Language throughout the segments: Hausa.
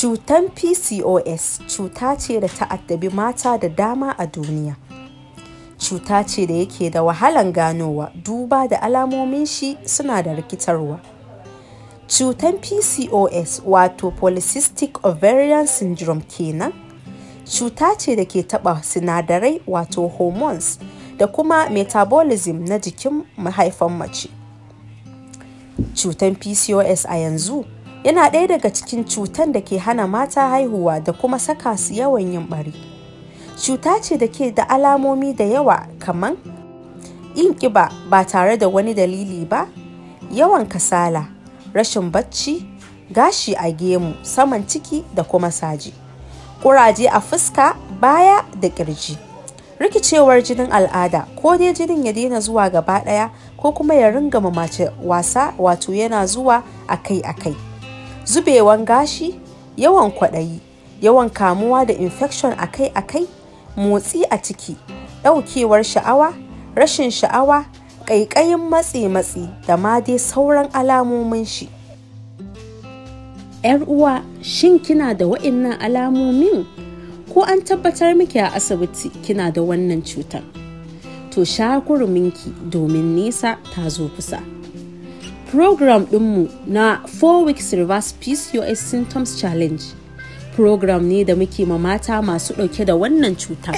Cutan PCOS cuta ce da ta addabi mata da dama a duniya. Cuta ce da yake da wahalan ganowa duba da alamomin shi suna da rikitarwa. Cutan PCOS wato Polycystic Ovarian Syndrome kenan. Cuta ce da ke taɓa sinadarai wato hormones da kuma metabolism na jikin mahaifan mace. Cutan PCOS a yanzu yana ɗaya daga cikin cutan da ke hana mata haihuwa da kuma saka su yawan yin ɓari cuta ce da ke da alamomi da yawa kaman yin ƙiba ba tare da wani dalili ba yawan kasala rashin bacci gashi a gemu saman ciki da kuma saji ƙuraje a fuska baya da ƙirji rikicewar jinin al'ada ko dai jinin ya daina zuwa gaba ɗaya ko kuma ya ringa mace wasa wato yana zuwa akai-akai. zubewan gashi yawan kwaɗayi yawan kamuwa da infection akai-akai motsi a ciki ɗaukewar sha'awa rashin sha'awa ƙaiƙayin matsi-matsi da ma dai sauran alamomin shi ‘yar uwa shin kina da wa'innan alamomin ko an tabbatar miki a asibiti kina da wannan cutar to sha ki, domin nisa ta zo kusa. program ɗinmu na 4 weeks reverse PCOS symptoms challenge program ne da muke ma mata masu ɗauke da wannan cutar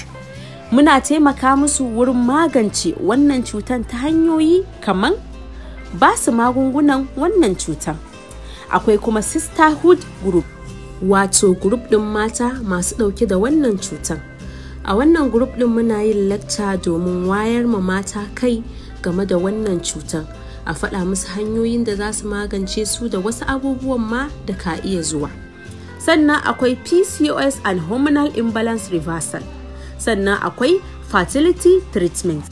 muna taimaka musu wurin magance wannan cutan ta hanyoyi kaman ba su magungunan wannan cutar akwai kuma sisterhood group wato group ɗin mata masu ɗauke da wannan cutan a wannan group ɗin muna yin lacca domin wayar ma mata kai game da wannan cutan a faɗa musu hanyoyin da za su magance su da wasu abubuwan ma da ka iya zuwa sannan akwai pcos and hormonal imbalance reversal sannan akwai fertility treatment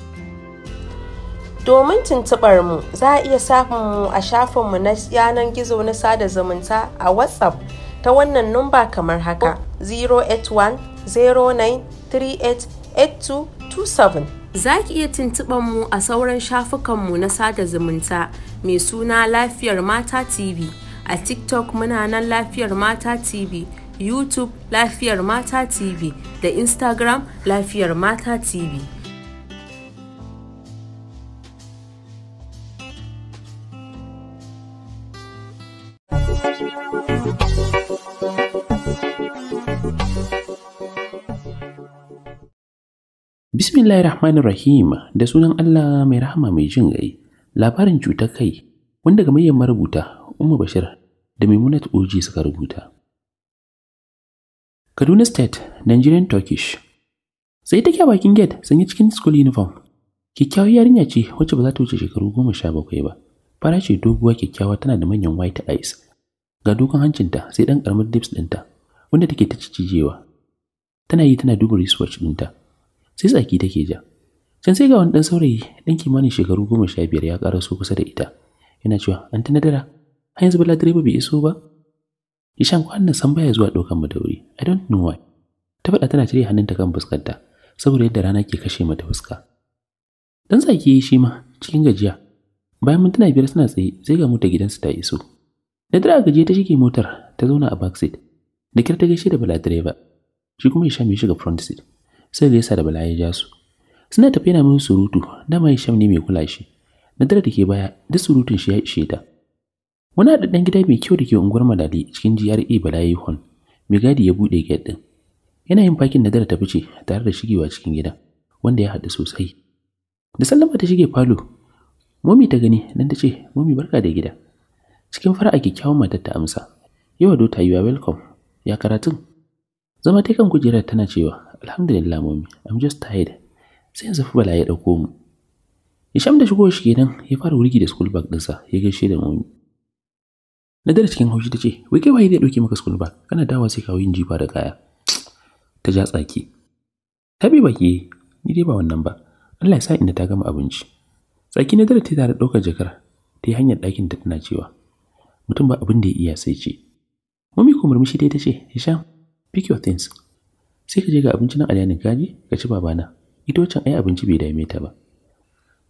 domin tuntubar mu za a iya samun mu a shafinmu na yanar gizo na sada zumunta a whatsapp ta wannan numba kamar haka 081 09 38 8227 Za ki iya tuntuɓar mu a sauran shafukanmu na sada zumunta mai suna Lafiyar Mata TV. A TikTok muna nan Lafiyar Mata TV, YouTube Lafiyar Mata TV da Instagram Lafiyar Mata TV. Bismillahirrahmanirrahim da sunan Allah mai rahama mai jin gai. Labarin cutar kai wanda ga gamayyar marubuta Umma Bashir da Maimunat Oji suka rubuta. Kaduna State, Nigerian Turkish. Sai take a bakin gate sanye cikin school uniform. Kyakkyawar yarinya ce wacce ba za ta wuce shekaru goma sha bakwai ba. Fara ce doguwa kyakkyawa tana da manyan white eyes. Ga dukan hancinta sai ɗan karamin lips dinta. wanda take ta cicijewa. Tana yi tana duba wristwatch ɗinta. sai tsaki take ja can sai ga wani ɗan saurayi ɗan kimanin shekaru goma sha biyar ya ƙara su kusa da ita yana cewa an ta nadara har yanzu bala direba bai iso ba Ishan kwanan san baya zuwa ɗaukan mu da I don't know why ta faɗa tana cire hannunta kan fuskarta saboda yadda rana ke kashe mata fuska dan tsaki shi ma cikin gajiya bayan mintuna biyar suna tsaye sai ga mota gidansu ta iso Nadira a gajiya ta shige motar ta zauna a back seat da kyar ta gaishe da bala direba shi kuma ya sha mai shiga front seat sai da yasa da bala ya ja su suna tafiya na min surutu mai sham ne mai kula shi na da ke baya duk surutun shi ya ishe ta wani haɗaɗɗen gida mai kyau da ke unguwar malali cikin GRA bala ya hon mai gadi ya buɗe gate ɗin yana yin fakin dare ta fice tare da shigewa cikin gida wanda ya haɗu sosai da sallama ta shige falo momi ta gani nan ta ce momi barka da gida cikin fara'a kyakkyawan matar ta amsa yawa do ta yi welcome ya karatun zama ta kan kujerar tana cewa Alhamdulillah mami, I'm just tired. Sai yanzu fa bala ya dauko mu. isham da shigo shi kenan ya fara wurgi da school bag ɗinsa ya gaishe da mami. dare cikin haushi ta ce, "Wai kai waye zai dauke maka school bag? Kana dawa sai kawo yin jifa da kaya." Ta ja tsaki. Ta bi baki, ni dai ba wannan ba. Allah ya sa inda ta gama abinci. Tsaki na dare ta tare ɗaukar jakar, ta yi hanyar ɗakin da tana cewa, "Mutum ba abin da ya iya sai ce." Mami ko murmushi dai ta ce, pick your things." sai ka je ga abinci nan a kaji ka ci babana can ai abinci bai dame ta ba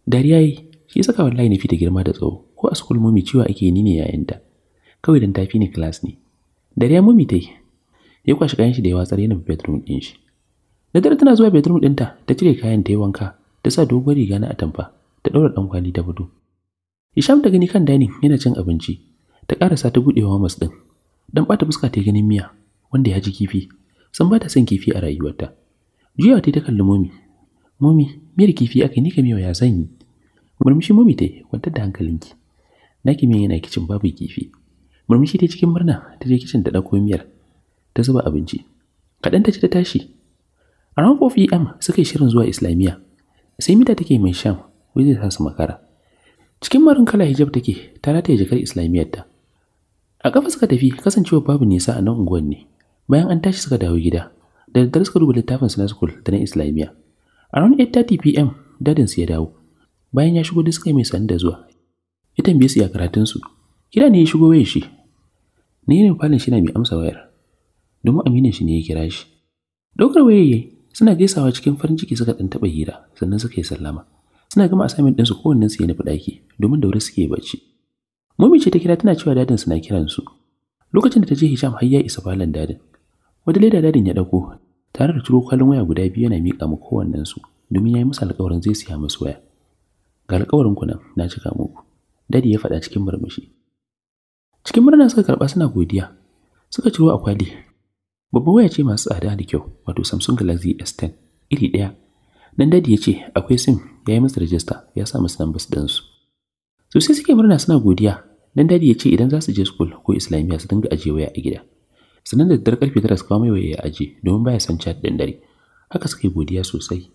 dariya yi shi saka wallahi nufi da girma da tsawo ko a school mummy ciwa ake ni ne ta kawai dan tafi ni class ne dariya mummy tai ya kwashi kayan shi da ya watsar yana bedroom din shi da dare tana zuwa bedroom dinta ta cire kayan ta yi wanka ta sa dogon riga na atamfa ta daura dan kwali ta fito Hisham ta gani kan dining yana cin abinci ta karasa ta budewa masu din dan bata fuska ta ganin miya wanda ya ji kifi san ba ta son kifi a rayuwarta juya ta kalli momi momi miyar kifi aka ni ka miyo ya zan yi murmushi momi ta yi kwantar da hankalinki naki miyan yana kicin babu kifi murmushi ta cikin murna ta je kicin da ɗauko miyar ta zuba abinci kaɗan ta ci ta tashi a ran kofi am e suka yi shirin zuwa islamiyya sai mita take mai sham wai zai su makara cikin marin kala hijab take ta rataye jakar islamiyyar ta a kafa suka tafi kasancewa babu nisa a nan unguwan ne bayan an tashi suka dawo gida da daddare suka duba littafin su school da na islamiyya a ranar 8:30 pm dadin su ya dawo bayan ya shigo da suka yi mai sanda zuwa ya tambaye su ya karatun su kira ne ya shigo wayar shi ni ne falin shi na mai amsa wayar domin aminin shi ne ya kira shi Ɗaukar wayar yayi suna gaisawa cikin farin ciki suka dan taba hira sannan suka yi sallama suna gama assignment ɗinsu kowannen su ya nufi daki domin da wuri suke bacci mummy ce ta kira tana cewa dadin su na kiran su lokacin da ta je Hisham har ya isa falon dadin wata leda dadin ya ɗauko tare da ciro kwalin waya guda biyu yana miƙa mu kowannen su domin ya yi musu alƙawarin zai siya musu waya ga alƙawarin ku nan na cika muku dadi ya faɗa cikin murmushi cikin murna suka karɓa suna godiya suka ciro a kwali babban waya ce masu tsada da kyau wato samsung galaxy s10 iri ɗaya dan dadi ya ce akwai sim ya yi musu rajista ya sa musu numbers su su sosai suke murna suna godiya dan dadi ya ce idan za su je school ko islamiyya su dinga ajiye waya a gida sannan da daddare karfe tara su kawo mai waye ya aje domin baya san cat din dare haka suka yi godiya sosai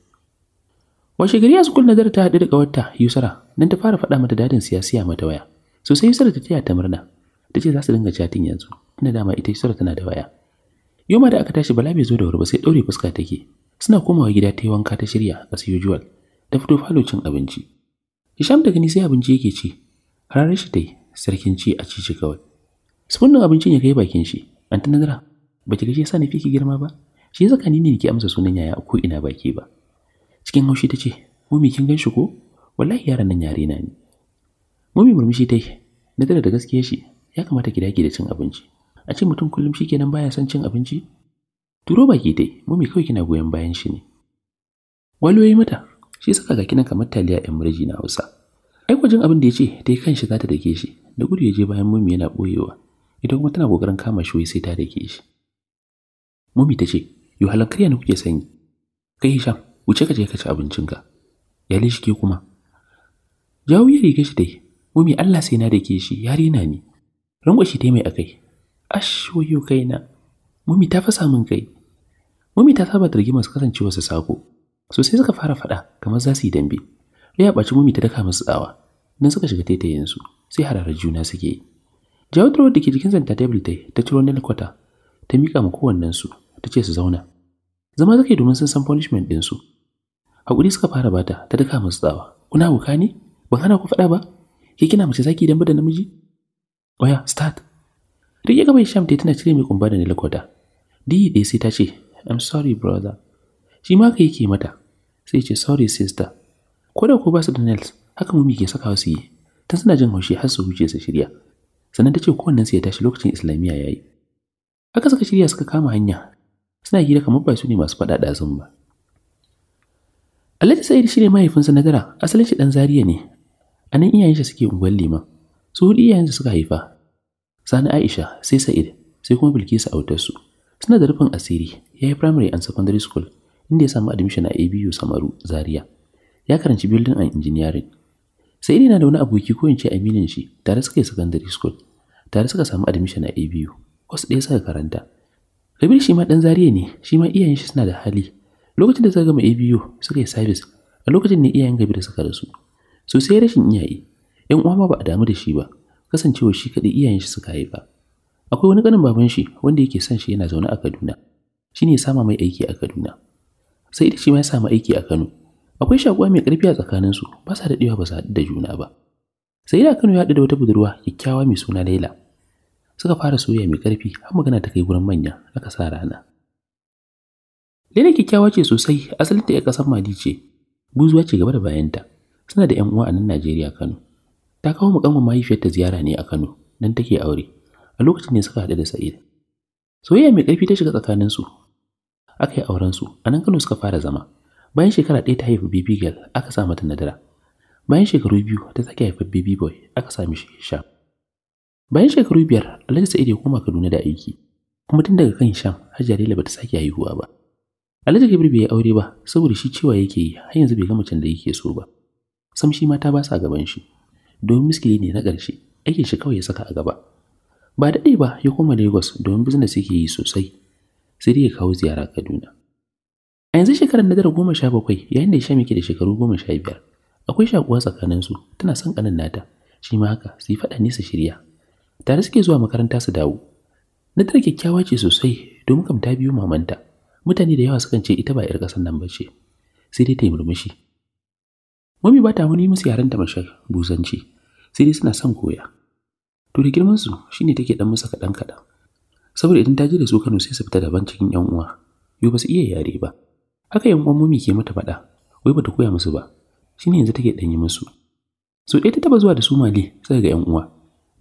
washe gari su kulna ta haɗu da ƙawarta yusara nan ta fara faɗa mata dadin siyasiya mata waya sosai yusara ta taya ta murna ta ce za su dinga chatting yanzu tunda dama ita yusara tana da waya yoma da aka tashi bala bai zo da wuri ba sai ɗaure fuska take suna komawa gida ta yi wanka ta shirya as usual Da fito falo cin abinci hisham da gani sai abinci yake ci har shi ta yi sarkin ci a cici kawai sukunin abincin ya kai bakin shi an ta nazara ba ki gaje sani fi ki girma ba shi yasa kani ne ki amsa sunan yaya ko ina baki ba cikin haushi ta ce mumi kin ganshi ko wallahi yaran nan yare na ne mumi murmushi ta yi na da gaskiya shi ya kamata ki dage da cin abinci a ce mutum kullum shi kenan baya son cin abinci turo baki dai mumi kawai kina goyon bayan shi ne waloyi mata shi saka ga kina kamar taliya yan murji na Hausa ai kwajin abin da ya ce ta yi kanshi za ta dake shi da gudu ya je bayan mumi yana boyewa ita kuma tana kokarin kama shi sai ta rike shi mummy ta ce yo karya ne kuke sanyi kai hisham wuce ka je ka ci abincin ya lishike kuma jawo ya riga shi dai mummy Allah sai na rike shi ya ne ni shi ta mai akai ash wayo kaina mummy ta fasa min kai mummy ta saba da rigimar su kasancewa su sako so sai suka fara fada kamar za su yi dambe ya baci mummy ta daka musu tsawa nan suka shiga taitayen su sai hararar juna suke yi jawo turowar da ke jikin zanta table ta ta ciro nail kwata ta miƙa ma kowannensu ta ce su zauna zama zake domin sun san punishment ɗinsu haƙuri suka fara bata ta daka musu tsawa kuna wuka ne ban hana ku faɗa ba ke kina mace zaki dan da namiji oya start rike gaban sham ta tana cire mai kumba da nail kwata di dai sai ta ce i'm sorry brother shi ma ka yake mata sai ce sorry sister ko da ku ba su da nails haka mummy ke saka su yi tun suna jin haushi har su wuce su shirya sannan ta ce kowannen su ya tashi lokacin islamiyya ya yi haka suka shirya suka kama hanya suna gida kamar ba su ne masu faɗa ɗazun ba alhaji sa'id shi ne mahaifinsa na dara asalin shi ɗan zariya ne a nan iyayensa suke unguwar liman su hudu iyayensa suka haifa sani aisha sai sa'id sai kuma bilkisu su, suna da rufin asiri ya yi primary and secondary school inda ya samu admission a abu samaru Zariya. ya karanci building and engineering sai dai da wani aboki ko in ce aminin shi tare suka yi secondary school tare suka samu admission a abu kwas ɗaya suka karanta kabir shi ma ɗan zariya ne shi ma iyayen shi suna da hali lokacin da suka gama abu suka yi service a lokacin ne iyayen kabir suka rasu so sai rashin iyaye yan uwa ma ba a damu da shi ba kasancewa shi kaɗai iyayen shi suka haifa akwai wani ƙanin baban shi wanda yake son shi yana zaune a kaduna shine ya sama mai aiki a kaduna sai da shi ma ya samu aiki a kano akwai shakuwa mai ƙarfi a tsakaninsu ba sa daɗewa ba su haɗu da juna ba sai da kano ya haɗu da wata budurwa kyakkyawa mai suna laila suka fara soyayya mai ƙarfi har magana ta kai wurin manya aka sa rana laila kyakkyawa ce sosai asalinta ya ƙasar madi ce buzuwa ce gaba da bayanta suna da yan uwa a nan najeriya kano ta kawo mukamman mahaifiyarta ziyara ne a kano don take aure a lokacin ne suka haɗu da sa'id soyayya mai ƙarfi ta shiga tsakaninsu aka yi aurensu a nan kano suka fara zama bayan shekara ɗaya ta haifi baby girl aka sa mata nadira bayan shekaru biyu ta sake haifar baby boy aka sami shi sham bayan shekaru biyar alhaji sa'id ya koma kaduna da aiki kuma tun daga kan sham har laila bata sake haihuwa ba alhaji kabir bai yi aure ba saboda shi cewa yake yi har yanzu bai ga macen da yake so ba sam shi mata ba sa gaban shi domin miskili ne na ƙarshe aikin shi kawai ya saka a gaba ba daɗe ba ya koma lagos domin business yake yi sosai sai dai ya kawo ziyara kaduna A yanzu shekarar Nadar goma sha bakwai yayin da ya sha ke da shekaru goma sha biyar. Akwai shakuwa tsakaninsu tana son ƙanin nata, shi ma haka su yi faɗa ne su shirya. Tare suke zuwa makaranta su dawo. Nadar kyakkyawa ce sosai domin kam ta biyu mamanta. Mutane da yawa sukan ce ita ba 'yar ƙasar nan ba ce, sai dai ta yi murmushi. Mami ba ta wani musu yaren mashar busanci. sai dai suna son koya. To da girmansu shi ne take ɗan musa kaɗan-kaɗan. Saboda idan ta je da su Kano sai su fita daban cikin ‘yan uwa, yau ba su iya yare ba. haka yan uwan ke mata faɗa wai bata koya musu ba shi shine yanzu take ɗanyi musu so ɗaya ta taɓa zuwa da su mali sai ga yan uwa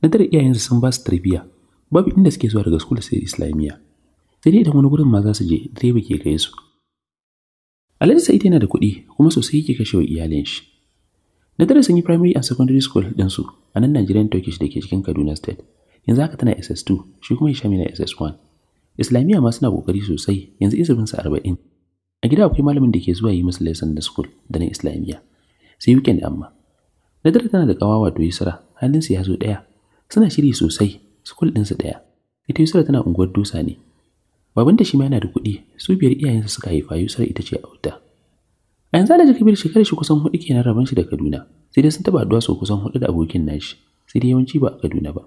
na tare iyayensu sun ba su tarbiyya babu inda suke zuwa daga school sai islamiyya sai dai idan wani gurin ma za su je direba ke kai su Alhaji Sa'id yana da kuɗi kuma sosai yake kashewa iyalin shi. Na tare sun yi primary and secondary school ɗinsu a nan Nigerian Turkish da ke cikin Kaduna State. Yanzu haka tana SS2, shi kuma Hisham SS1. Islamiyya ma suna ƙoƙari sosai, yanzu su arba'in. a gida akwai malamin da ke zuwa yi masa lesson da school da na islamiyya sai weekend amma dare tana da kawa wato halin su ya zo daya suna shiri sosai school su daya ita yusra tana unguwar dusa ne babanta shi ma yana da kuɗi su biyar iyayensa suka haifa yusra ita ce auta a yanzu alhaji kabir shekarar shi kusan hudu kenan raban shi da kaduna sai dai sun taɓa addu'a sau kusan hudu da abokin nashi sai dai yawanci ba a kaduna ba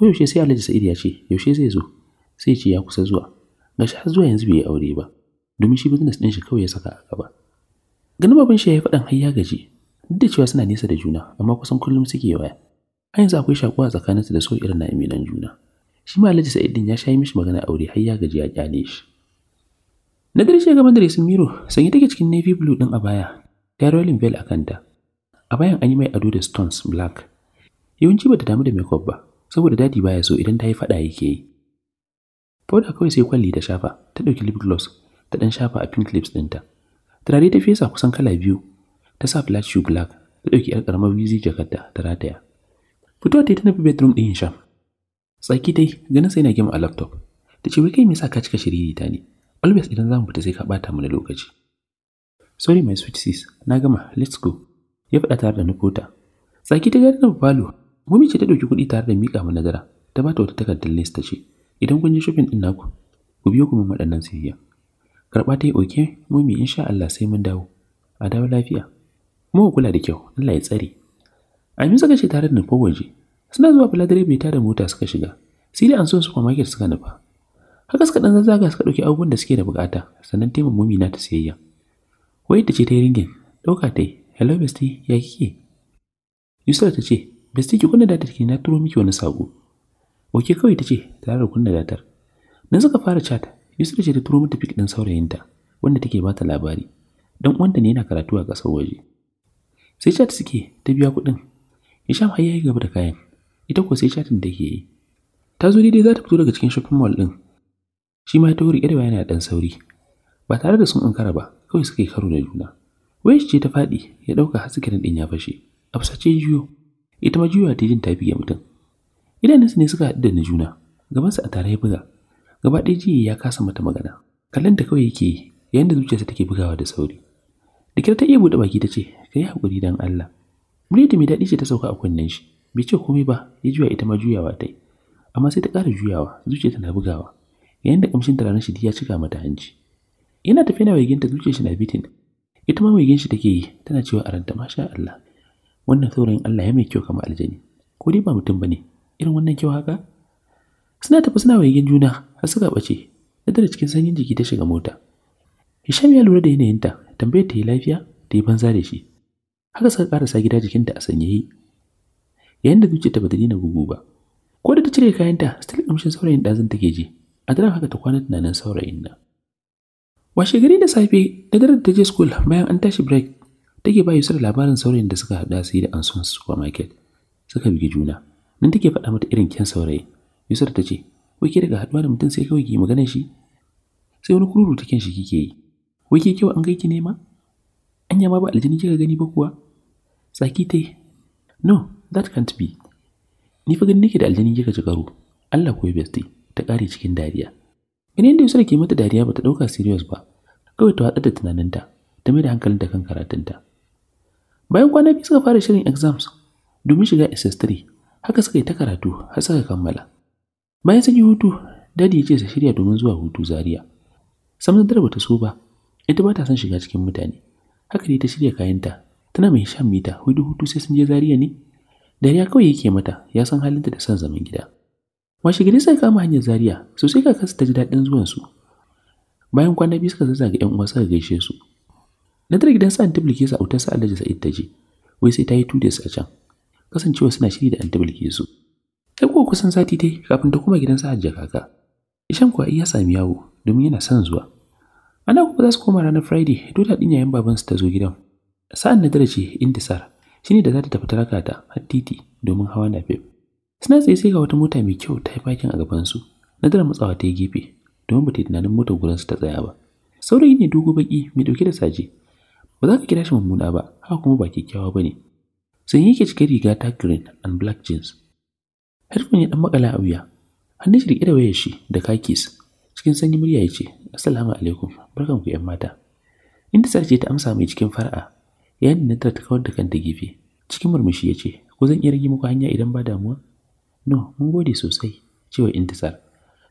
ko yaushe sai alhaji sa'id ya ce yaushe zai zo sai ce ya kusa zuwa gashi har zuwa yanzu bai yi aure ba domin shi business ɗin shi kawai ya saka a gaba. Ganin babin shi ya yi faɗan har ya gaji, duk da cewa suna nesa da juna, amma kusan kullum suke waya. Har yanzu akwai shakuwa tsakaninsu da so irin na imilan juna. Shi ma Alhaji Sa'id ya shayi mishi magana aure har ya gaji ya kyale shi. Na dare shi gaban da Miro, sanye take cikin navy blue ɗin a baya, ta rolling bell a kanta. A bayan an yi mai ado da stones black. Yawanci ba ta damu da makeup ba, saboda dadi baya so idan ta yi faɗa yake yi. Fauda kawai sai kwalli ta shafa, ta ɗauki lip gloss ta ɗan shafa a pink lips ɗinta. Turare ta fesa kusan kala biyu, ta sa flat shoe black, ta ɗauki ‘yar ƙaramar wizi jakarta ta rataya. Fitowa ta yi ta nufi bedroom ɗin Hisham. Tsaki dai ganin sai na gima a laptop. Ta ce wai kai me sa ka cika shiriri ta ne? Always idan zamu mu fita sai ka ɓata mana lokaci. Sorry my sweet sis, na gama, let's go. Ya faɗa tare da nufota. Tsaki ta gani na falo, Mummy ce ta ɗauki kuɗi tare da miƙa nazara. ta bata wata takardar list ta ce, idan kun je shopping ɗin naku, ku biyo kuma waɗannan sayayya. karɓa ta yi oke in sha Allah sai mun dawo a dawo lafiya mu kula da kyau Allah ya tsare Amin suka ce tare da nufo waje suna zuwa fila direba ta da mota suka shiga sai dai an so su supermarket suka nufa haka suka dan zaga suka dauki abubuwan da suke da bukata sannan tema mummy na ta sayayya wai ta ce ta yi ringin dauka ta yi hello bestie ya kike Yusra ta ce bestie ki kunna datar ki na turo miki wani sako Oke kawai ta ce tare da kunna datar. Nan suka fara chat Yusuf ce ta turo mata fik ɗin saurayinta wanda take ba ta labari. Dan uwanta ne yana karatu a kasar waje. Sai chat suke ta biya kuɗin. Hisham har yayi gaba da kayan. Ita ko sai chatin take yi. Ta zo dai-dai za ta fito daga cikin shopping mall ɗin. Shi ma ya taho riƙe yana ɗan sauri. Ba tare da sun ankara ba, kawai suka karo da juna. Wayar ce ta faɗi ya ɗauka har sikirin ɗin ya fashe. Afsace juyo. Ita ma juyo ta jin ta fiye mutum. Idanunsu ne suka haɗu da na juna. Gabansa a tare ya buga. gaba ɗaya ji ya kasa mata magana kallon ta kawai yake yi yayin da zuciyarsa take bugawa da sauri da ta iya buɗe baki ta ce ka yi haƙuri don Allah muryarta mai daɗi ce ta sauka a kunnen shi bai ce komai ba ya juya ita ma juyawa ta yi amma sai ta ƙara juyawa zuciyarsa na bugawa yayin da ƙamshin ranar shi ya cika mata hanci yana tafiya na waiginta zuciyar shi na bitin ita ma waigin shi take yi tana cewa a ranta masha Allah wannan saurayin Allah ya mai kyau kamar aljani ko dai ba mutum ba ne? irin wannan kyau haka suna tafi suna waigin juna har suka bace dare cikin sanyin jiki ta shiga mota hisham ya lura da yanayinta tambayar ta yi lafiya da yi banza da shi haka suka karasa gida jikinta a sanyaye yayin da zuciyarta ta ta dina gugu ba ko da ta cire kayanta still kamshin saurayin ɗazin take ji a daren haka ta kwana tunanin saurayin nan washe gari da safe da ta je school bayan an tashi break take ba Yusuf labarin saurayin da suka haɗa su yi da Anson supermarket suka bigi juna nan take faɗa mata irin kyan saurayi Yusuf ta ce, "Wai ke daga haɗuwa da mutum sai kawai ki magana shi?" Sai wani kururu ta shi kike yi. "Wai ke kyau an gaiki ne ma?" Anya ma ba aljini kika gani ba kuwa? saki ta yi. "No, that can't be." Ni fa gani nake da aljini kika ji karo. Allah ko besti ta kare cikin dariya. Ganin inda Yusuf ke mata dariya ba ta ɗauka serious ba. Kawai ta haɗa da tunaninta, ta mai da ta kan karatunta. Bayan kwana biyu suka fara shirin exams domin shiga SS3, haka suka yi ta karatu har suka kammala. bayan sun yi hutu dadi ya ce su shirya domin zuwa hutu zaria samson ba ta so ba ita ba ta son shiga cikin mutane haka ne ta shirya kayanta tana mai shan mita hudu hutu sai sun je Zariya ne dariya kawai yake mata ya san halinta da son zaman gida washe gari sai kama hanyar zaria kaka su ta ji daɗin zuwan su bayan kwana biyu suka zazzaga yan uwa suka gaishe su na tare gidan su anti sa autar sa alhaji sa'id ta je wai sai ta yi tudes a can kasancewa suna shiri da antibulke su Sai kuwa kusan sati dai kafin ta koma gidansa hajja kaka. ishan kuwa iya sami yawo domin yana son zuwa. Ana kuma za su koma ranar Friday dole ɗin yayin babansu ta zo gidan. Sa'an na dare ce Intisar shi ne da za ta tafi taraka ta har titi domin hawa na fef. Suna tsaye sai ga wata mota mai kyau ta yi fakin a gabansu. Nadara matsawa ta yi gefe domin ba ta yi tunanin motar gurinsu ta tsaya ba. Saurayi ne dogo baki mai ɗauke da saje. Ba za ka kira shi mummuna ba, haka kuma ba kyakkyawa ba ne. yi yake cikin riga ta green and black jeans Headphone ya dan makala a wuya. Hannun shi rike da wayar shi da kakis. Cikin sanyi murya ya ce, Assalamu alaikum, barkan ku ‘yan mata. Inda sarce ta amsa mai cikin fara'a, yayin da Nadra ta kawar da kanta gefe. Cikin murmushi ya ce, Ko zan iya rage muku hanya idan ba damuwa? No, mun gode sosai, cewa Intisar.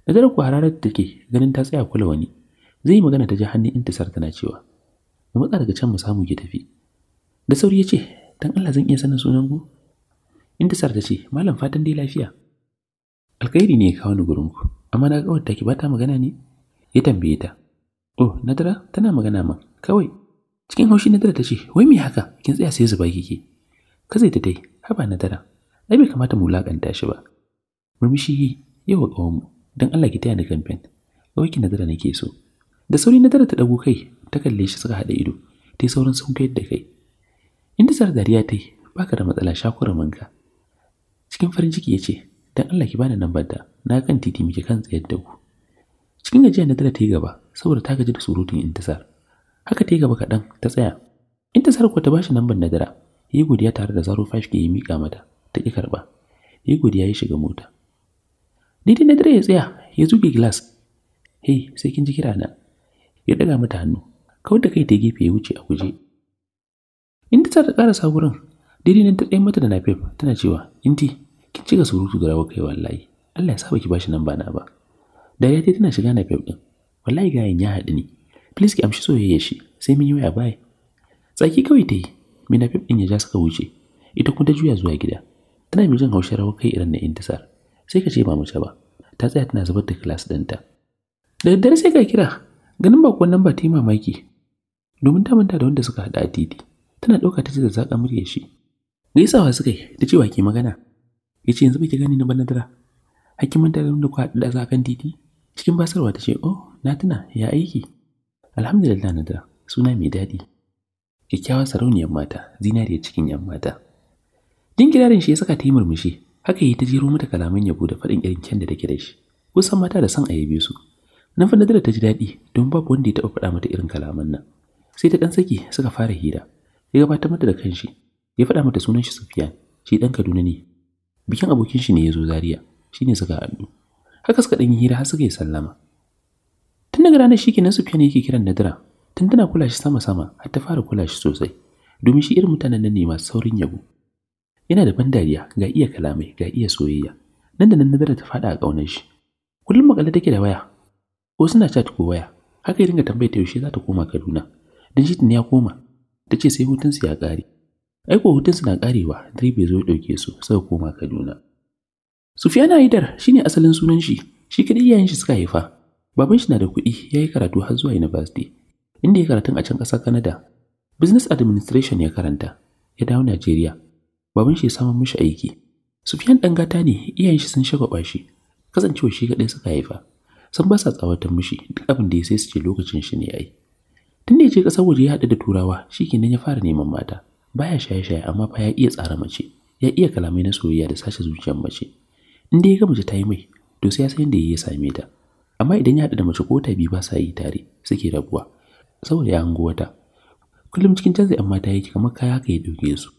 Nadra ku hararar take ganin ta tsaya kula wani. Zai yi magana ta ji hannun Intisar tana cewa, Mu matsa daga can mu samu ki tafi. Da sauri ya ce, Dan Allah zan iya sanin sunan ku? Intisar ta ce, Malam fatan dai lafiya. Alkhairi ne ya kawo ni ku. amma na ga wadda ki ba ta magana ne? Ya tambaye ta. Oh, Nadira tana magana man, kawai. Cikin haushi Nadira ta ce, Wai me haka? Kin tsaya sai zuba kike. Ka zai ta dai, haba Nadira. Ai bai kamata mu wulaƙanta shi ba. Murmushi yi, yawa ƙawanmu, don Allah ki taya ni kamfen. ki Nadira nake so. Da sauri Nadira ta ɗago kai, ta kalle shi suka haɗa ido. Ta yi saurin sun kai da kai. Inda sar dariya ta yi, baka da matsala shakurar manka. cikin farin ciki ya ce don Allah ki bani nambar da na kan titi muke kan tsayar da ku cikin gajiya na dala ta yi gaba saboda ta gaji da surutun intisar haka ta yi gaba kaɗan ta tsaya intisar kuwa ta ba shi lambar nadara ya yi godiya tare da zaro fashi ke yi miƙa mata ta ƙi karɓa ya yi godiya ya shiga mota daidai nadara ya tsaya ya zuge gilas hey sai kin ji kira na ya ɗaga mata hannu kawar da kai ta gefe ya wuce a guje intisar ta ƙarasa wurin daidai nan ta tsaye mata da nafef tana cewa inti kin cika surutu da rawa kai wallahi Allah ya saba ki bashi nan bana ba da ya tana shiga nafef din wallahi yin ya haɗu ne please ki amshi soyayya shi sai mun yi waya bai. tsaki kawai ta yi mai nafef din ya ja suka wuce ita kuma ta juya zuwa gida tana mai jin haushin rawa kai irin na intisar sai ka ce ba mace ba ta tsaya tana zubar da class ɗinta da daddare sai ka kira ganin bakon nan ba ta yi mamaki domin ta manta da wanda suka haɗa a titi tana ɗauka ta ce da zaƙa murya shi gaisawa suka yi ta ce wa ke magana ya ce yanzu bai gani na banadara hakkin manta da ku haɗu da za kan titi cikin basarwa ta ce oh na tuna ya aiki alhamdulillah nadara. suna mai daɗi kyakkyawar sarauniyar mata zinariya cikin yan mata jin kirarin shi ya saka ta yi murmushi haka yi ta jero mata kalaman yabo da faɗin irin kyan da take da shi kusan mata da san a yabe su na fa nadira ta ji daɗi don babu wanda ya taɓa faɗa mata irin kalaman nan sai ta ɗan saki suka fara hira ya gabatar mata da kanshi ya faɗa mata sunan shi Sufyan, shi ɗan Kaduna ne bikin abokin shi ne ya zo Zariya. Shi shine suka haɗu haka suka ɗan yi hira har suka yi sallama tun daga ranar shikenan nan Sufyan yake kiran Nadira tun tana kula shi sama sama har ta fara kula shi sosai domin shi irin mutanen nan ne masu saurin yabo yana da ban dariya ga iya kalamai ga iya soyayya nan da nan Nadira ta faɗa a ƙaunar shi kullum makale take da waya ko suna chat ko waya haka ya dinga tambayar ta yaushe za ta koma Kaduna dan shi ya koma tace sai hutun su ya kare aiko hutun na karewa bai zo ya ɗauke su suka koma kaduna sufiyana haidar shine asalin sunan shi shi kadai iyayen shi suka haifa baban shi na da kuɗi yayi karatu har zuwa university inda ya karatun a can ƙasar canada business administration ya karanta ya dawo najeriya baban shi ya samun mishi aiki sufiyan ɗan gata ne iyayen shi sun shagwaba shi kasancewa shi kadai suka haifa san ba sa tsawatan mishi duk abin da ya sai su ce lokacin shi ne ai tun da ya je ƙasar waje ya haɗu da turawa shi kenan ya fara neman mata baya shaye-shaye amma fa ya iya tsara mace ya iya kalamai na soyayya da sashi zuciyar mace in dai ya ga mace ta yi mai to sai ya san yadda ya same ta amma idan ya haɗu da mace ko ta bi ba sa yi tare suke rabuwa saboda ya hango wata kullum cikin canza amma ta yake kamar kaya ka ya ɗauke su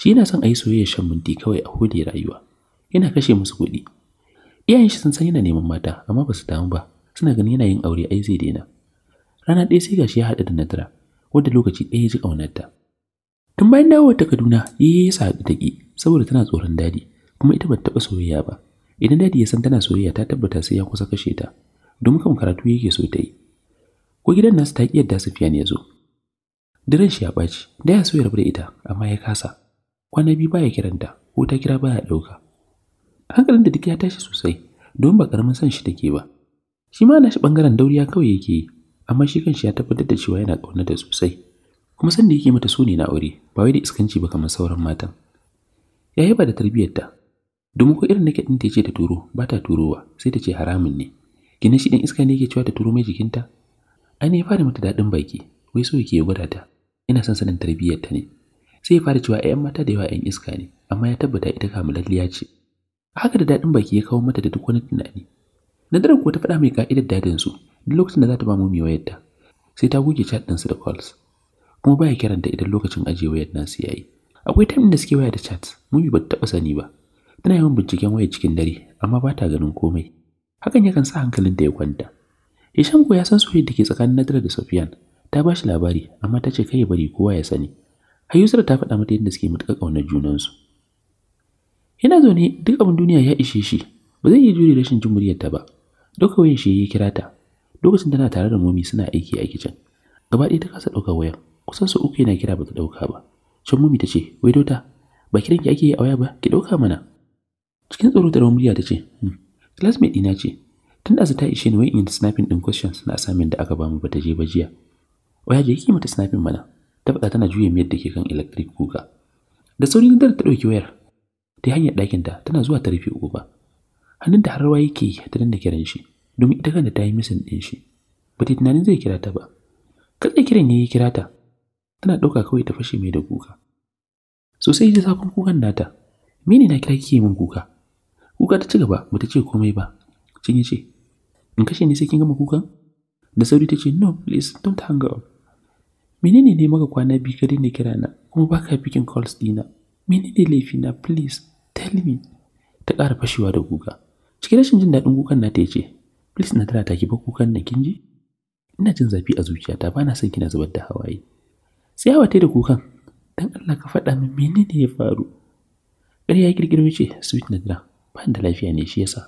shi yana son a yi soyayya shan minti kawai a hode rayuwa yana kashe musu kuɗi iyayen shi sun san yana neman mata amma ba su damu ba suna ganin yana yin aure ai zai daina rana ɗaya sai gashi ya haɗu da nadira wadda lokaci ɗaya ya ji ƙaunarta tun bayan dawowa ta kaduna ya yi haɗu da saboda tana tsoron dadi kuma ita bata taɓa soyayya ba idan dadi ya san tana soyayya ta tabbata sai ya kusa kashe ta domin kam karatu yake so ta yi ko gidan nasu ta ƙi yadda sufiyan ya zo diran shi ya ɓaci da ya so ya da ita amma ya kasa kwana biyu baya kiranta ko ta kira baya ɗauka hankalin da duk ya tashi sosai don ba karamin san shi take ba shi ma na shi bangaren dauriya kawai yake yi amma shi kanshi ya tabbatar da cewa yana ƙaunar da sosai kuma sanda yake mata so ne na aure ba wai da iskanci ba kamar sauran matan ya yaba da tarbiyyarta domin ko irin nake ɗinta ce ta turo ba ta turowa sai ta ce haramun ne gina shi din iska ne yake cewa ta turo mai jikinta ai ne ya fara mata daɗin baki wai so yake gwada ta ina son sanin tarbiyyarta ne sai ya fara cewa 'ya'yan mata da yawa ƴan iska ne amma ya tabbata ita kamulalliya ce haka da daɗin baki ya kawo mata da duk wani tunani nadara kuwa ta faɗa mai ka'idar dadin su duk lokacin da za ta ba mu mai wayarta sai ta goge chat ɗinsu da calls kuma baya kiranta idan lokacin ajiye wayar nasu yi. akwai tamin da suke waya da chat mummy bata taba sani ba tana yawan binciken waya cikin dare amma ba ta ganin komai hakan yakan sa hankalin ta ya kwanta Hisham ko ya san soyayyar da ke tsakanin Nadira da Sufyan ta ba shi labari amma ta ce kai bari kowa ya sani Hayyusra ta faɗa mata yadda suke mutuƙar ƙaunar junansu yana zaune duk abin duniya ya ishe shi ba zai iya jure rashin jin muryarta ba duka wayar shi ya kira ta lokacin tana tare da momi suna aiki a kicin gaba ɗaya ta kasa ɗaukar wayar kusan su uku yana kira bata dauka ba can mummy ce, wai dota ba kiran ki ake yi a waya ba ki dauka mana cikin tsoro da ta ce. Hmm. classmate dina ce tun da ta ishe ni wai in snapping din questions na assignment da aka ba ta je ba jiya waya je ki mata snapping mana ta fada tana juye miyar da ke kan electric kuka da sauri da ta dauki wayar ta hanyar dakin ta tana zuwa ta rufe ba. hannun da harwa yake ta danna kiran shi domin ita kanta ta yi misin ɗin shi ba ta tunanin zai kira ta ba kada kiran ya kira ta tana ɗauka kawai ta fashe mai da kuka sosai ji zafin kukan nata mene na kira kike min kuka kuka ta ci gaba bata ce komai ba cin ce in kashe ne sai kin gama kukan da sauri ta ce no please don't hang up menene ne maka kwana biyu ka daina kira na kuma baka bikin calls dina menene laifi na please tell me ta ƙara fashewa da kuka cikin rashin jin daɗin kukan nata ya ce please na tara ta ki ba kukan na, kin ji ina jin zafi a zuciyata ba na son kina zubar da hawaye sai hawa ta da kukan dan Allah ka faɗa min menene ya faru ƙarya ya kirkiro ce sweet na ba da lafiya ne shi yasa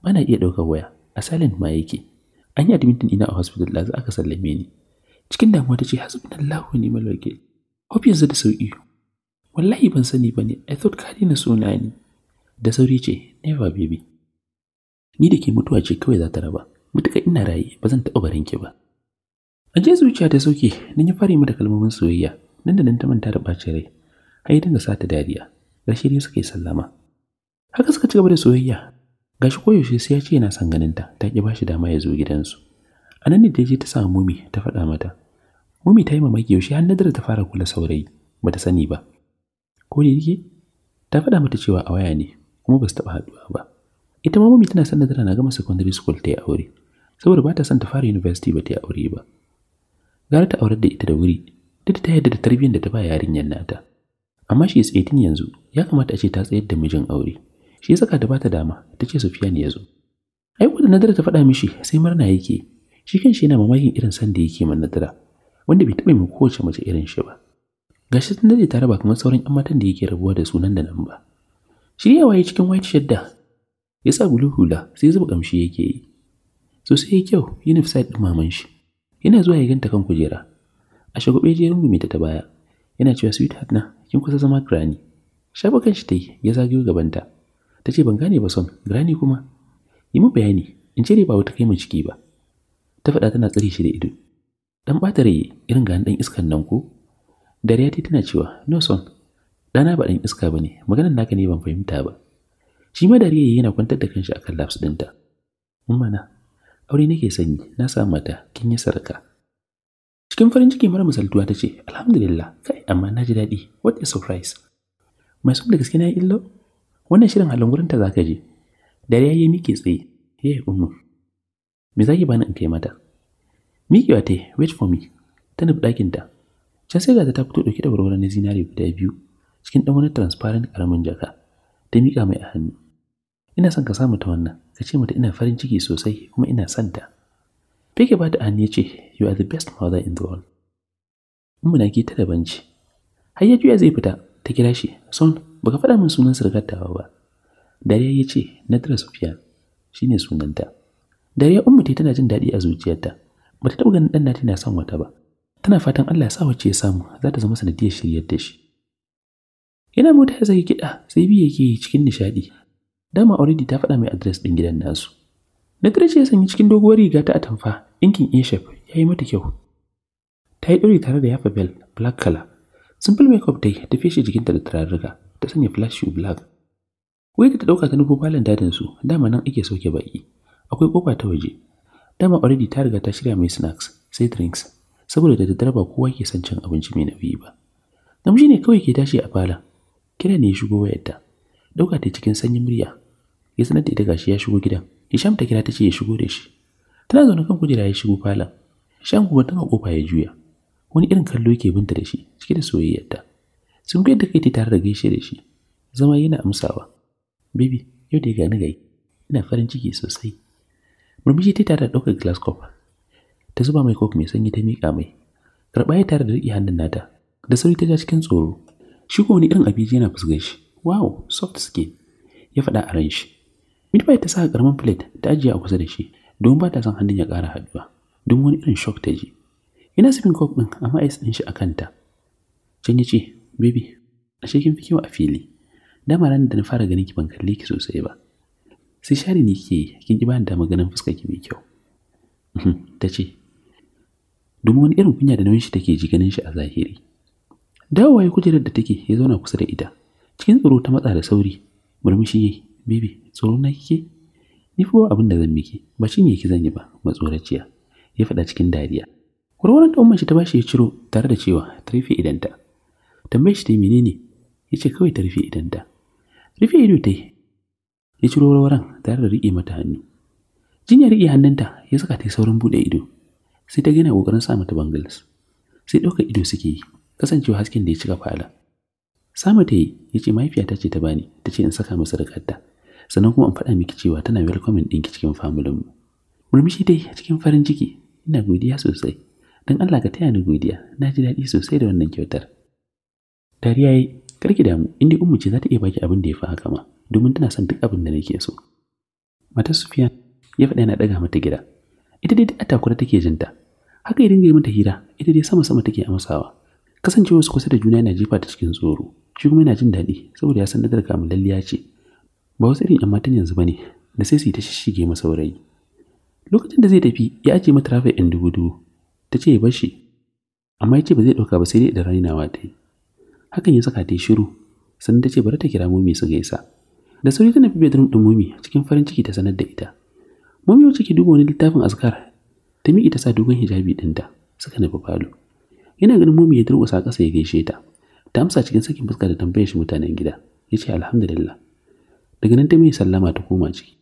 ba na iya ɗaukar waya a silent ma yake an yi ina a hospital da aka sallame ni cikin damuwa ta ce hasbunallahu ni wakil hope yanzu da sauki wallahi ban sani bane i thought ka na suna ni da sauri ce never baby ni da ke mutuwa ce kawai za ta raba mutuka ina raye ba zan taɓa ki ba Ajiya zuciya ta sauke don ya fare mata kalmomin soyayya nan da nan ta manta da ɓacin rai har yi dinga sata dariya gashi dai suka yi sallama. Haka suka ci gaba da soyayya gashi koyaushe sai ya ce yana son ganin ta ta ki bashi dama ya zo gidansu. A nan ne ta je ta samu Mumi ta faɗa mata. Mumi ta yi mamaki yaushe har Nadira ta fara kula saurayi bata sani ba. Ko da yake ta faɗa mata cewa a waya ne kuma ba su taɓa haɗuwa ba. Ita ma Mumi tana son Nadira na gama secondary school ta yi aure saboda ba ta son ta fara university ba ta yi aure ba. gara ta aurar da ita da wuri duk da ta yadda da tarbiyyar da ta ba yarinyar nata amma shi is 18 yanzu ya kamata a ce ta tsayar da mijin aure shi ya saka da bata dama ta ce Sufyan ya zo ai na nadara ta faɗa mishi sai murna yake shi kanshi yana mamakin irin san da yake man nadara wanda bai taɓa mai kowace mace irin shi ba gashi tun dade ta raba kamar sauran 'yan matan da yake rabuwa da sunan da nan ba shiryawa ya cikin white shadda ya sa bulu hula sai zuba kamshi yake yi Sosai sai ya kyau unified ɗin maman shi yana zuwa ya ganta kan kujera a shagube je rungumi ta ta baya yana cewa sweetheart na kin kusa zama granny shafa kan shi ta yi ya zagayo gabanta ta ce ban gane ba son granny kuma yi mu bayani in ce ba wata kai mu ciki ba ta faɗa tana tsare shi da ido dan ɓata rai irin ga dan iskan nan ko dariya ta tana cewa no son dana ba dan iska bane maganar naka ne ban fahimta ba shi ma dariya yana kwantar da kanshi akan laps ɗinta mun mana aure nake sanyi na sa mata kin yi sarka cikin farin ciki mara misaltuwa ta ce alhamdulillah kai amma na ji daɗi what a surprise mai son da gaske na yi illo wannan shirin halin gurin ta zaka je dare yi miki tsaye ya yi umu me zaki bani in kai mata miki ta wait for me ta nufi ɗakin ta can sai gata ta fito ɗauki da warware na zinare guda biyu cikin ɗan wani transparent ƙaramin jaka ta miƙa mai a hannu ina son ka samu ta wannan ka ce mata ina farin ciki sosai kuma ina santa. ta Fike ba da ya ce you are the best mother in the world Umma na ke ta daban ce har ya juya zai fita ta kira shi son 'Ba ka faɗa min sunan surgattawa ba dariya ya ce nadra Shi ne sunanta dariya ta tana jin daɗi a zuciyarta bata taɓa ganin ɗan nata na son wata ba tana fatan Allah ya sa wacce ya samu za ta zama sanadiyar shiryar da shi Yana mota ya zai kiɗa sai biyu yake cikin nishaɗi dama already ta faɗa mai adres ɗin gidan nasu na ya sanya cikin doguwar riga ta atamfa ɗinkin ishef ya yi mata kyau ta yi ɗori tare da yafa bel black color simple makeup dai ta feshe jikinta da riga ta sanya flash shoe black wai da ta ɗauka ta nufo falon dadin su dama nan ake soke baki akwai kofa ta waje dama already ta riga ta shirya mai snacks sai drinks saboda da daddare ba kowa ke son cin abinci mai nauyi ba namiji ne kawai ke tashi a falon kira ne ya shigo wayarta ɗauka ta cikin sanyin murya ya sanar da ita gashi ya shigo gidan Hisham ta kira ta ce ya shigo da shi tana zaune kan kujera ya shigo falon Hisham kuma tana kofa ya juya wani irin kallo yake binta da shi cike da soyayyarta sun ga da kai tare da gaishe da shi zama yana amsawa baby yau da ya gani gai ina farin ciki sosai murmushi ta tare da ɗaukar glass cup ta zuba mai coke mai sanyi ta miƙa mai karɓa ya tare da riƙe hannun nata da sauri ta ja cikin tsoro shi ko wani irin abinci yana fusgar shi wow soft skin ya faɗa a ran shi midwife ta saka karamin plate ta ajiye a kusa da shi don ba ta son hannun ya ƙara haɗuwa don wani irin shock ta ji ina sifin kok ɗin amma ice ɗin shi a kanta can ya ce baby ashe kin fi kyau a fili dama ranar da na fara ganin ki ban kalle ki sosai ba sai shari ne ke yi kin ki ba da maganin fuskar ki mai kyau uhm, ta ce domin wani irin kunya da nauyin shi take ji ganin shi a zahiri dawowa ya kujerar da take ya zauna kusa da ita cikin tsoro ta matsa da sauri murmushi yayi Bibi, tsoro na kike? Ni fa abin da zan miki, ba shi ne ki zan yi ba, matsoraciya. Ya faɗa cikin dariya. Warwaran da ta bashi ya ciro tare da cewa ta rufe idanta. Tambayar shi ta yi menene? Ya ce kawai ta rufe idanta. Rufe ido ta yi. Ya ciro warwaran tare da riƙe mata hannu. Jinya riƙe hannunta ya saka ta yi saurin buɗe ido. Sai ta gina ƙoƙarin sa mata bangles. Sai ɗaukar ido suke yi, kasancewa hasken da ya cika fala. Samu ta yi, ya ce mahaifiyata ce ta bani, ta ce in saka masa rigarta. sannan kuma an faɗa miki cewa tana welcoming ɗinki cikin familin mu murmushi dai cikin farin ciki ina godiya sosai Don Allah ka taya ni godiya na ji daɗi sosai da wannan kyautar dariya yi karki damu inda ummu ce za ta iya baki abin da ya fi haka ma domin tana son duk abin da nake so matar sufiyan ya faɗa yana daga mata gida ita dai a takura take jinta haka ya dinga yi mata hira ita dai sama sama take amsawa kasancewa su kusa da juna yana jefa ta cikin tsoro shi kuma yana jin daɗi saboda ya san nadar lalliya ce ba wasu irin 'yan yanzu ba ne da sai su yi ta shishige masa wurai lokacin da zai tafi ya ajiye mata rafa 'yan dubu dubu ta ce ya bar shi amma ya ce ba zai ɗauka ba sai dai da rainawa ta yi hakan ya saka ta yi shiru sannan ta ce bari ta kira momi su gaisa da sauri ta nufi bedroom ɗin momi cikin farin ciki ta sanar da ita Mumi wacce ke duba wani littafin azkar ta miƙe ta sa dogon hijabi ɗinta suka nufi falo yana ganin momi ya durƙusa ƙasa ya gaishe ta ta amsa cikin sakin fuska da tambayar shi mutanen gida ya ce alhamdulillah daga nan ta mai sallama ta koma ciki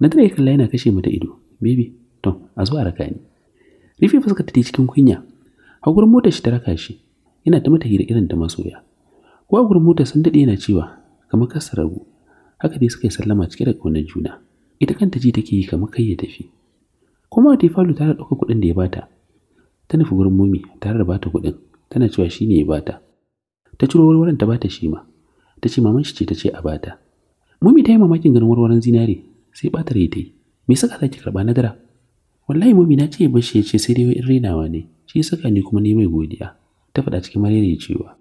na tare kalla yana kashe mata ido baby to a zuwa raka ni rufe fuskar ta cikin kunya Haƙurin motar shi ta raka shi yana ta mata hira irin ta masoya ko haƙurin motar sun dade yana cewa kamar kasa rabu haka dai suka yi sallama cike da ƙaunar juna ita kanta ji take yi kamar kai ya tafi kuma ta falu tare da kuɗin da ya bata ta nufi gurin mumi tare da bata kuɗin tana cewa shi ne ya bata ta ciro warwaran ta bata shi ma ta ce maman shi ce ta ce a bata Mummy ta yi mamakin ganin warwaran zinare sai batar ya ta yi. Me saka za ki karɓa na dara? Wallahi mummy na ce bashi ya ce sai dai in rainawa ne. Shi saka ni kuma ni mai godiya. Ta faɗa cikin marere cewa.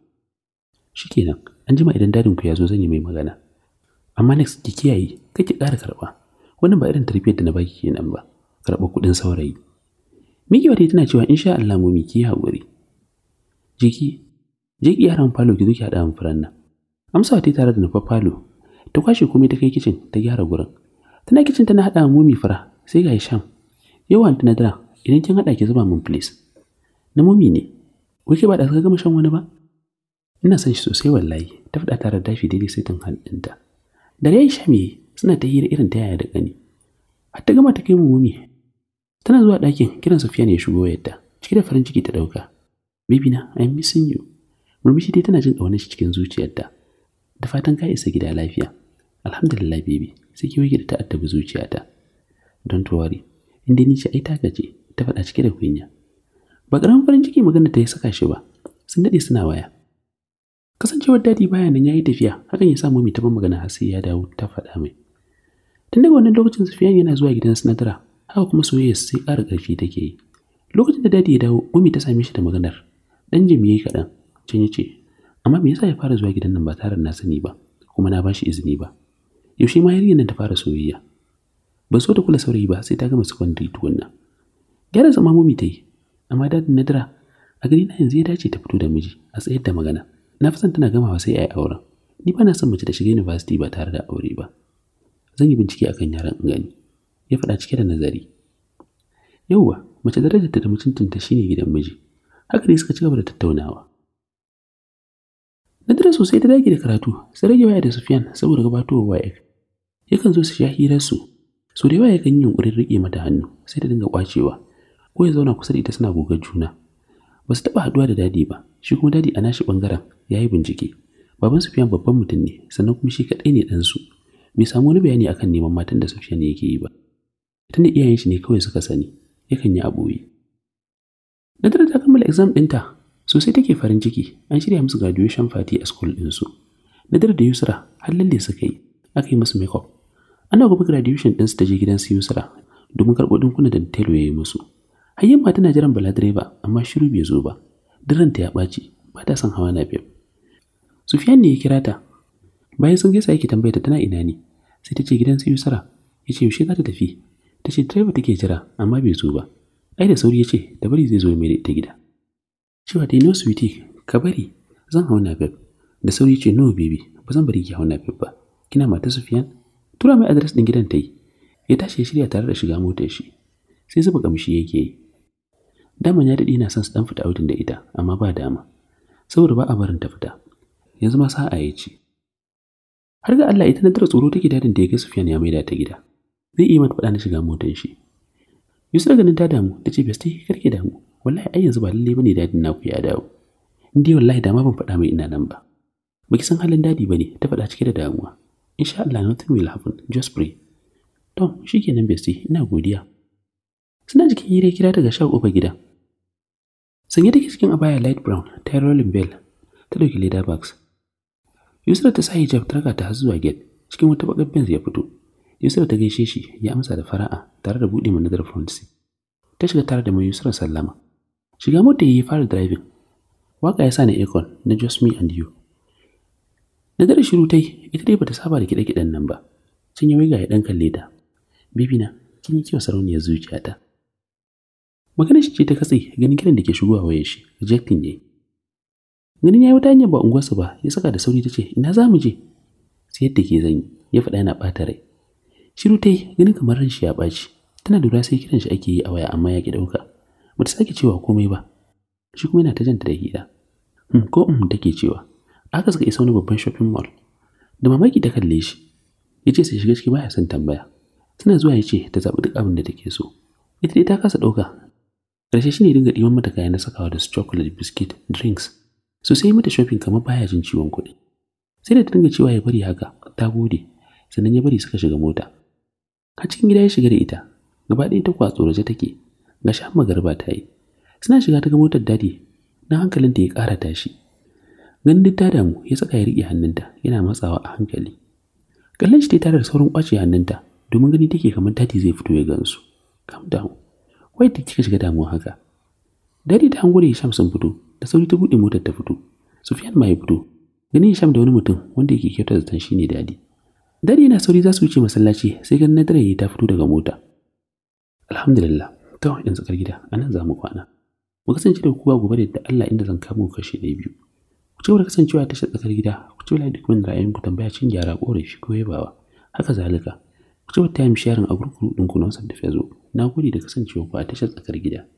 Shikenan, an jima idan dadin ku ya zo zan yi mai magana. Amma next ki kiyaye, kake ƙara karɓa. Wannan ba irin tarbiyyar da na baki kenan ba. Karɓa kuɗin saurayi. Miki wata tana cewa sha Allah mi ki haƙuri. Jiki, jiki yaran falo ki zo ki haɗa mu furanna. nan. Amsa ta tare da nufa falo ta kwashe komai ta kai kicin ta gyara gurin tana kicin tana haɗa momi fara sai ga Hisham yawan tana dara idan kin haɗa ki zuba min please na momi ne ke ba da ka gama shan wani ba ina son shi sosai wallahi ta faɗa tare da dafi daidai sai tun hannunta dare Hisham yi suna ta hira irin ta yaya da ƙani har ta gama ta kai mu momi tana zuwa ɗakin kiran Safiyan ya shigo yadda cike da farin ciki ta ɗauka baby na I'm missing you murmushi dai tana jin ƙaunar shi cikin zuciyarta da fatan ka isa gida lafiya alhamdulillah baby sai ki da ta addabi zuciyata don tuwari inda ni ce ai ta gaje ta faɗa cike da kunya ba ƙaramin farin ciki magana ta ya saka shi ba sun daɗe suna waya kasancewar dadi baya nan ya yi tafiya hakan ya sa mami ta ban magana har sai ya dawo ta faɗa mai tun daga wannan lokacin sufiyan yana zuwa gidan sinadara haka kuma soyayya sai ƙara ƙarfi take yi lokacin da dadi ya dawo mami ta same shi da maganar dan jim yayi kaɗan can ya ce amma me yasa ya fara zuwa gidan nan ba tare na sani ba kuma na bashi izini ba yaushe ma yarinyar ta fara soyayya ban so ta kula saurayi ba sai ta gama secondary tukunna gyara zama mami ta yi amma dadin nadira a gani na yanzu ya dace ta fito da miji a tsayar da magana na fi son tana gama sai a yi auren ni ba na son mace ta shiga university ba tare da aure ba zan yi bincike akan yaran in gani ya faɗa cike da nazari yauwa mace darajar ta da mutuntunta shine gidan miji haka ne suka ci gaba da tattaunawa Nadira sosai ta dage da karatu, sai rage waya da Sufyan saboda gabatowar waya. yakan zo su sha hirarsu so da yawa yakan yi yunƙurin riƙe mata hannu sai ta dinga kwacewa ko ya zauna kusa da ita suna gogar juna ba su taɓa haɗuwa da dadi ba shi kuma dadi a nashi ɓangaren ya yi bincike baban sufiyan babban mutum ne sannan kuma shi kaɗai ne ɗansu bai samu wani bayani akan neman matan da sufiyan yake yi ba da iyayen shi ne kawai suka sani yakan yi aboyi. Na Nadira ta kammala exam ɗinta sosai take farin ciki an shirya musu graduation party a school ɗinsu. dare da Yusra har lalle suka yi aka yi musu makeup ana gobe graduation ɗinsu ta je gidan su Yusra domin karɓo ɗinkuna da Telo ya yi musu. Hayyan ba tana jiran Bala direba amma shiru bai zo ba. Diran ta ya ɓaci ba ta son hawa na biyar. Sufiyan ne ya kira ta. Bayan sun gaisa yake tambaya ta tana ina ne. Sai ta ce gidan su Yusra ya ce yaushe za ta tafi. Ta ce direba take jira amma bai zo ba. Ai da sauri ya ce da bari zai zo mai da ita gida. Cewa ta yi no sweetie ka bari zan hau na biyar. Da sauri ya ce no baby ba zan bari ki hau na biyar ba. Kina mata Sufiyan? tura mai adres ɗin gidan ta yi ya tashi ya shirya tare da shiga motar shi sai zuba kamshi yake yi daman ya daɗe na son su dan fita audin da ita amma ba dama saboda ba a barin ta fita yanzu ma sa'a ya ce har ga Allah ita na dara tsoro take dadin da ya ga Sufyan ya maida ta gida zai iya mata faɗa na shiga motar shi daga ganin ta damu ta ce kar karke damu wallahi ai yanzu ba lalle bane dadin naku ya dawo in wallahi dama ban faɗa mai ina nan ba baki san halin dadi bane ta faɗa cike da damuwa insha Allah nothing will happen just pray to shikenan bestie ina godiya suna jikin hira kira daga shago ba gida sanye take cikin abaya light brown ta yi rolling bell ta dauki leather bags yusra ta sa hijab ta ta har zuwa gate cikin wata bakar benz ya fito yusra ta gaishe shi ya amsa da fara'a tare da buɗe mana dar front seat ta shiga tare da mai yusra sallama shiga mota ya yi fara driving waka ya sa ni econ na just me and you na dare shiru tai ita dai bata saba da kiɗe-kiɗen nan ba sun yi wiga ya dan kalle ta bibina kin yi kiwa sarauniya zuciyata maganar shi ce ta katse ganin kiran da ke shigowa wayar shi rejecting yayi ganin yayi wata hanyar ba unguwarsa ba ya saka da sauri ta ce ina za mu je sai yadda ke zan yi ya faɗa yana ɓata rai shiru tai ganin kamar ran shi ya ɓaci tana lura sai kiran shi ake yi a waya amma ya ki ɗauka bata sake cewa komai ba shi kuma yana ta janta da hira hmm, ko um take cewa aka suka isa wani babban shopping mall. Da mamaki ta kalle shi, ya ce sai shiga ciki baya son tambaya. Suna zuwa ya ce ta zaɓi duk abin da take so. Ita dai ta kasa ɗauka. Ƙarshe shine ne dinga ɗiban mata kayan na sakawa da su chocolate, biscuit, drinks. su sai mata shopin kamar baya jin ciwon kuɗi. Sai da ta dinga cewa ya bari haka, ta gode. Sannan ya bari suka shiga mota. Ka cikin gida ya shiga da ita, gaba ɗaya ta kwatso raje take ga shi har magarba ta yi suna shiga ta ga motar dadi na hankalinta ya ƙara tashi ganin duk ta damu ya tsaka ya riƙe hannunta yana matsawa a hankali kallon shi ta tare da saurin ƙwace hannunta domin gani take kamar tati zai fito ya gansu Kam damu. wai da kika shiga damuwa haka dadi ta hango da Hisham sun fito da sauri ta buɗe motar ta fito sufiyan ma ya fito Gani Hisham da wani mutum wanda yake kyautar zaton shine dadi dadi yana sauri za su wuce masallaci sai ganin ya ta fito daga mota alhamdulillah to yanzu kar gida anan za mu kwana mu kasance da kowa gobe da Allah inda zan kamo kashi na biyu ku ci kasancewa ta tsakar gida ku ci gaba da dukkan ra'ayin ku tambaya cin gyara korafi ko yabawa haka zalika ku ci wata da a gurgurun ɗinku na wasan da na gudi da kasancewa ku a tashar tsakar gida